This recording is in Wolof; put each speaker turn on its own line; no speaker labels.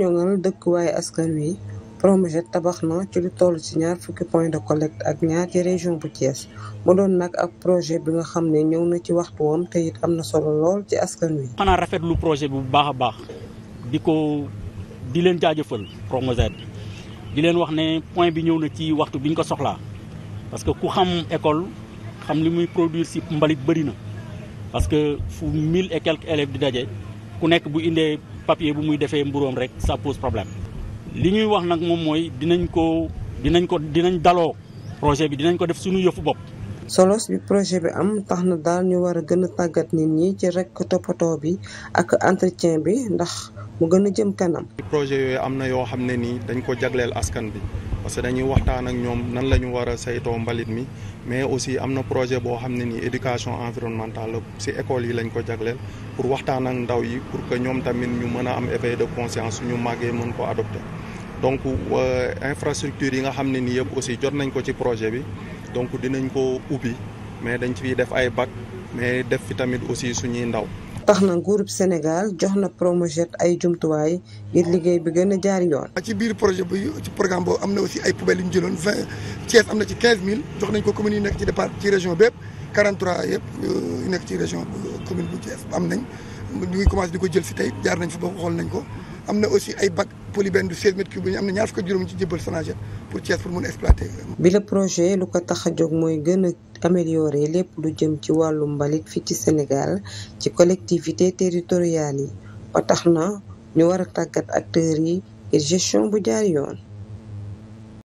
ñoŋal dëkkuwaayu askan wi Promojet tabax na ci lu toll ci ñaar fukki point de collecte ak ñaar ci région bu Thiès mu doon nag ak projet bi nga xam ne ñëw na ci waxtu woom te it am na solo lool ci askan wi.
xanaa rafet lu projet bi bu baax a baax di ko di leen jaajëfal Promojet di leen wax ne point bi ñëw na ci waxtu biñ ko soxlaa parce que ku xam école xam li muy produire si mbalit bëri na parce que fu mille et quelques élèves di daje ku nekk bu indee. papier bu muy defee mburoom rek ça pose problème li ñuy wax nag moom mooy dinañ ko dinañ ko dinañ daloo projet bi dinañ ko def suñu yëfu bopp.
solos bi projet bi am tax na daal ñu war a gën a tàggat nit ñi ci rek toppatoo bi ak entretien bi ndax mu gën a jëm kanam.
projet yooyu am na yoo xam ne nii dañ ko jagleel askan bi. parce que dañuy waxtaan ak ñoom nan lañu ñu war a saytoo mbalit mi mais aussi am na projet boo xam ne nii éducation environnementale ci école yi lañ ko jagleel pour waxtaan ak ndaw yi pour que ñoom tamit ñu mën a am éveil de conscience suñu màggee mën ko adopté donc euh, infrastructure yi nga xam ne nii yëpp aussi jot nañ ko ci projet bi donc dinañ ko ubbi mais dañ ci def ay bac mais def fi tamit aussi suñuy ndaw
tax na nguurub Sénégal jox na Promojet ay jumtuwaay ngir liggéey bi gën a jaar yoon.
ci biir projet bi ci programme boobu am na aussi ay poubelles yu ñu jëloon vingt Thiès am na ci quinze mille ci départ ci région bépp quarante yëpp euh, ci région commune bu Thiès am nañ ñu ngi di ko jël si tey jaar nañ fa ba xool nañ ko. am na aussi ay bac polybennes du 16 mètres cubes ñu am na ñaar fukk ak juróom ci jébbal Sonatel pour Thiès pour mun exploiter.
bi projet lu ko tax a jóg mooy gën améliorer lépp lu jëm ci wàllu mbalit fi ci Sénégal ci collectivité territoriales yi ba tax na ñu war a tàggat acteurs yi ngir gestion bu jaar yoon